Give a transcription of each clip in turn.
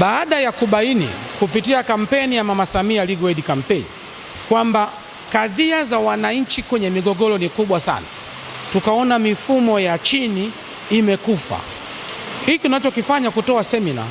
baada ya kubaini kupitia kampeni ya Mama Samia Legal Aid Campaign kwamba kadhia za wananchi kwenye migogoro ni kubwa sana, tukaona mifumo ya chini imekufa. Hiki tunachokifanya kutoa semina,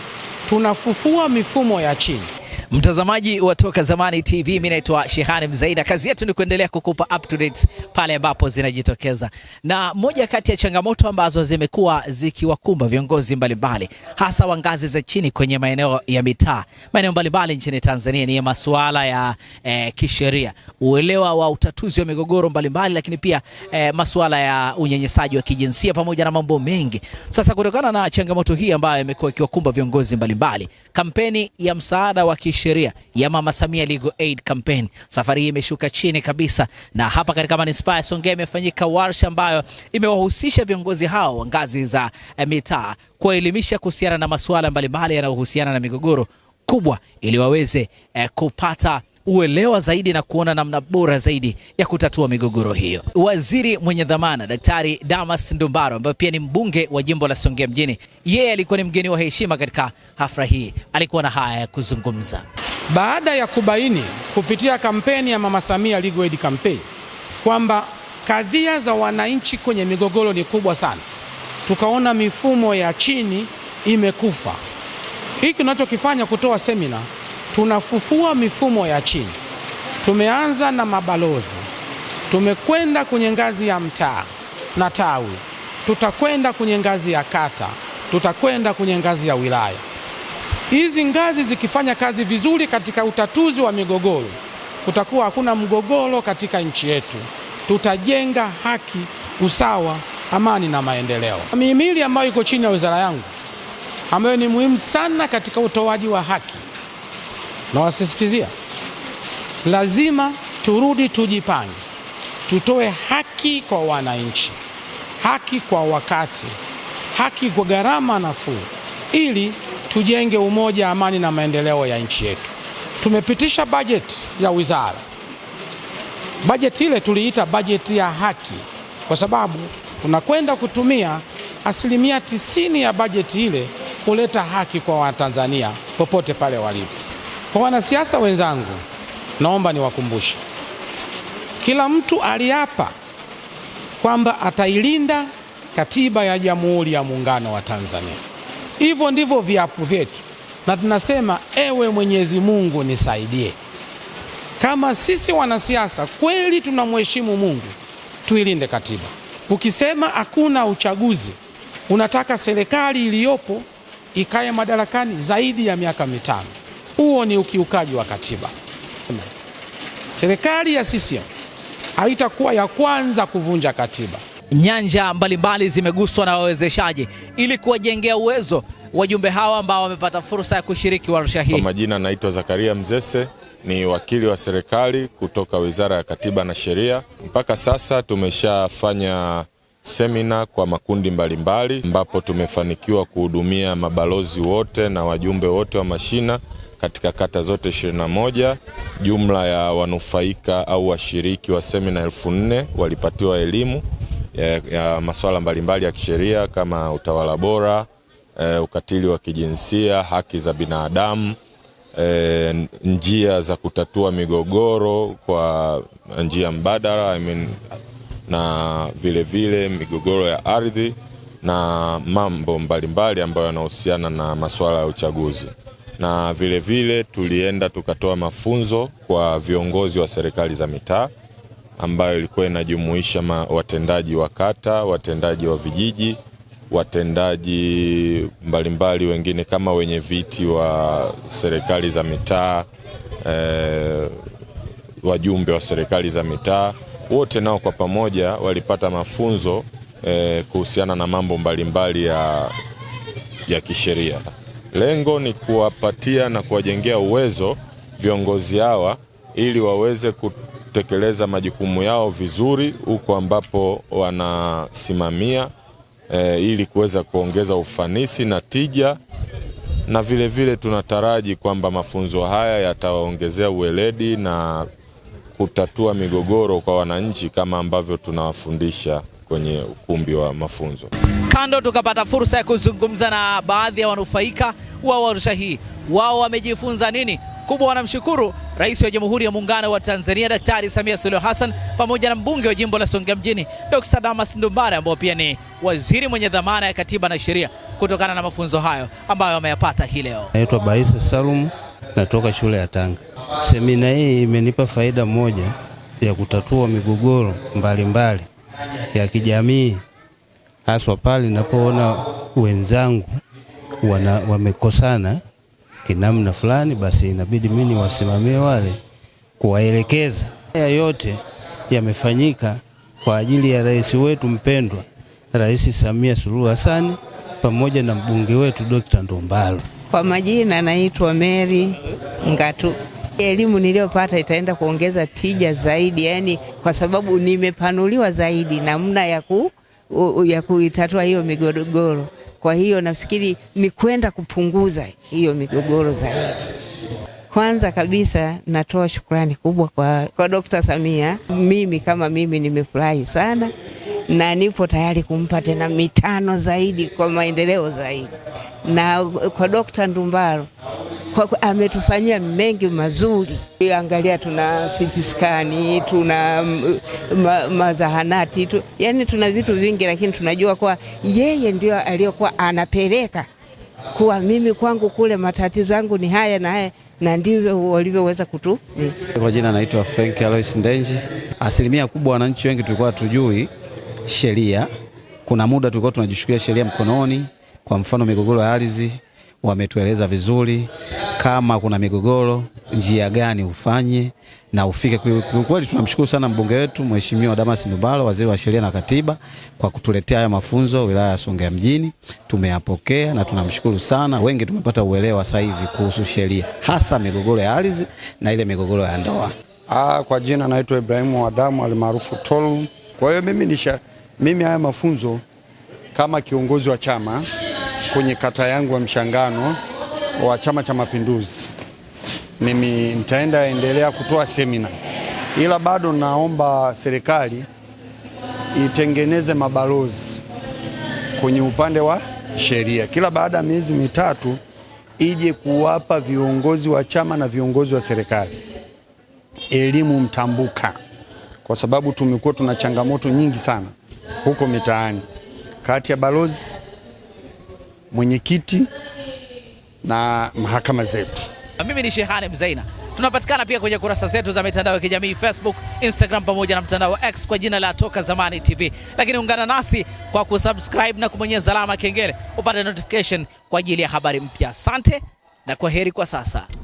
tunafufua mifumo ya chini. Mtazamaji wa Toka Zamani TV, mimi naitwa Shehani Mzaina. Kazi yetu ni kuendelea kukupa up to date pale ambapo zinajitokeza, na moja kati ya changamoto ambazo zimekuwa zikiwakumba viongozi mbalimbali hasa wa ngazi za chini kwenye maeneo ya mitaa, maeneo mbalimbali nchini Tanzania ni masuala ya eh, kisheria, uelewa wa utatuzi wa migogoro mbalimbali, lakini pia eh, masuala ya unyanyasaji wa kijinsia pamoja na mambo mengi. Sasa kutokana na changamoto hii ambayo imekuwa ikiwakumba viongozi mbalimbali, kampeni ya msaada wa kisheria sheria ya Mama Samia Legal Aid Campaign. Safari hii imeshuka chini kabisa, na hapa katika manispaa ya Songea imefanyika warsha ambayo imewahusisha viongozi hao wa ngazi za eh, mitaa kuwaelimisha kuhusiana na masuala mbalimbali yanayohusiana na migogoro kubwa ili waweze eh, kupata uelewa zaidi na kuona namna bora zaidi ya kutatua migogoro hiyo. Waziri mwenye dhamana Daktari Damas Ndumbaro, ambaye pia ni mbunge wa jimbo la Songea mjini, yeye alikuwa ni mgeni wa heshima katika hafla hii. Alikuwa na haya ya kuzungumza baada ya kubaini kupitia kampeni ya Mama Samia Legal Aid Campaign kwamba kadhia za wananchi kwenye migogoro ni kubwa sana, tukaona mifumo ya chini imekufa. Hiki tunachokifanya kutoa semina tunafufua mifumo ya chini. Tumeanza na mabalozi, tumekwenda kwenye ngazi ya mtaa na tawi, tutakwenda kwenye ngazi ya kata, tutakwenda kwenye ngazi ya wilaya. Hizi ngazi zikifanya kazi vizuri katika utatuzi wa migogoro, kutakuwa hakuna mgogoro katika nchi yetu. Tutajenga haki, usawa, amani na maendeleo. Mihimili ambayo iko chini ya wizara yangu ambayo ni muhimu sana katika utoaji wa haki Nawasisitizia, lazima turudi tujipange, tutoe haki kwa wananchi, haki kwa wakati, haki kwa gharama nafuu, ili tujenge umoja, amani na maendeleo ya nchi yetu. Tumepitisha bajeti ya wizara. Bajeti ile tuliita bajeti ya haki, kwa sababu tunakwenda kutumia asilimia tisini ya bajeti ile kuleta haki kwa Watanzania popote pale walipo. Kwa wanasiasa wenzangu, naomba niwakumbushe, kila mtu aliapa kwamba atailinda katiba ya Jamhuri ya Muungano wa Tanzania. Hivyo ndivyo viapo vyetu, na tunasema ewe Mwenyezi Mungu nisaidie. Kama sisi wanasiasa kweli tunamheshimu Mungu, tuilinde katiba. Ukisema hakuna uchaguzi, unataka serikali iliyopo ikae madarakani zaidi ya miaka mitano. Huo ni ukiukaji wa katiba. Serikali ya CCM haitakuwa ya kwanza kuvunja katiba. Nyanja mbalimbali zimeguswa na wawezeshaji ili kuwajengea uwezo wajumbe hawa ambao wamepata fursa ya kushiriki warsha hii. Kwa majina, naitwa Zakaria Mzese, ni wakili wa serikali kutoka Wizara ya Katiba na Sheria. Mpaka sasa tumeshafanya semina kwa makundi mbalimbali ambapo tumefanikiwa kuhudumia mabalozi wote na wajumbe wote wa mashina katika kata zote 21. Jumla ya wanufaika au washiriki wa semina elfu nne walipatiwa elimu ya, ya masuala mbalimbali ya kisheria kama utawala bora, e, ukatili wa kijinsia, haki za binadamu, e, njia za kutatua migogoro kwa njia mbadala I mean, na vilevile vile, migogoro ya ardhi na mambo mbalimbali ambayo yanahusiana na masuala ya uchaguzi na vilevile vile tulienda tukatoa mafunzo kwa viongozi wa serikali za mitaa ambayo ilikuwa inajumuisha watendaji wa kata, watendaji wa vijiji, watendaji mbalimbali mbali wengine kama wenye viti wa serikali za mitaa e, wajumbe wa serikali za mitaa wote nao kwa pamoja walipata mafunzo e, kuhusiana na mambo mbalimbali mbali ya, ya kisheria. Lengo ni kuwapatia na kuwajengea uwezo viongozi hawa ili waweze kutekeleza majukumu yao vizuri huko ambapo wanasimamia e, ili kuweza kuongeza ufanisi na tija, na vilevile vile tunataraji kwamba mafunzo haya yatawaongezea uweledi na kutatua migogoro kwa wananchi kama ambavyo tunawafundisha kwenye ukumbi wa mafunzo. Kando tukapata fursa ya kuzungumza na baadhi ya wanufaika wa warsha hii, wao wamejifunza nini kubwa. Wanamshukuru Rais wa Jamhuri ya Muungano wa Tanzania Daktari Samia Suluhu Hassan pamoja na mbunge wa jimbo la Songea Mjini Dr. Damas Ndumbare ambao pia ni waziri mwenye dhamana ya katiba na sheria kutokana na mafunzo hayo ambayo wameyapata hii leo. Naitwa Baisa Salum, natoka shule ya Tanga. Semina hii imenipa faida moja ya kutatua migogoro mbalimbali ya kijamii, haswa pale ninapoona wenzangu wana, wamekosana kinamna fulani, basi inabidi mimi niwasimamie wale, kuwaelekeza. Haya yote yamefanyika kwa ajili ya rais wetu mpendwa, Rais Samia Suluhu Hassan pamoja na mbunge wetu Dr. ndombalo Kwa majina naitwa Mary Ngatu Elimu niliyopata itaenda kuongeza tija zaidi, yani kwa sababu nimepanuliwa zaidi namna ya ku ya kuitatua hiyo migogoro. Kwa hiyo nafikiri ni kwenda kupunguza hiyo migogoro zaidi. Kwanza kabisa natoa shukrani kubwa kwa, kwa Dokta Samia. Mimi kama mimi nimefurahi sana na nipo tayari kumpa tena mitano zaidi kwa maendeleo zaidi, na kwa Dokta Ndumbaro kwa ametufanyia mengi mazuri. Angalia, tuna sikiskani, tuna mm, ma, mazahanati tu, yani tuna vitu vingi, lakini tunajua kwa yeye ndio aliyokuwa anapeleka kuwa mimi kwangu kule matatizo yangu ni haya na haya, na ndivyo walivyoweza kutu. Kwa jina naitwa Frank Alois Ndenji. Asilimia kubwa wananchi wengi tulikuwa tujui sheria. Kuna muda tulikuwa tunajishukulia sheria mkononi, kwa mfano migogoro ya ardhi wametueleza vizuri kama kuna migogoro njia gani ufanye na ufike. Kweli tunamshukuru sana mbunge wetu Mheshimiwa Damas Ndumbaro, waziri wa sheria na katiba, kwa kutuletea haya mafunzo wilaya ya Songea mjini. Tumeyapokea na tunamshukuru sana, wengi tumepata uelewa sasa hivi kuhusu sheria, hasa migogoro ya ardhi na ile migogoro ya ndoa. Aa, ah, kwa jina naitwa Ibrahimu Adamu almaarufu Tolu. Kwa hiyo mimi nisha, mimi haya mafunzo kama kiongozi wa chama kwenye kata yangu ya Mshangano wa Chama cha Mapinduzi. Mimi nitaenda endelea kutoa semina, ila bado naomba serikali itengeneze mabalozi kwenye upande wa sheria, kila baada ya miezi mitatu ije kuwapa viongozi wa chama na viongozi wa serikali elimu mtambuka, kwa sababu tumekuwa tuna changamoto nyingi sana huko mitaani kati ya balozi mwenyekiti na mahakama zetu. Mimi ni Shehane mzeina Tunapatikana pia kwenye kurasa zetu za mitandao ya kijamii Facebook, Instagram pamoja na mtandao X kwa jina la Toka Zamani TV, lakini ungana nasi kwa kusubscribe na kubonyeza alama kengele upate notification kwa ajili ya habari mpya. Asante na kwa heri kwa sasa.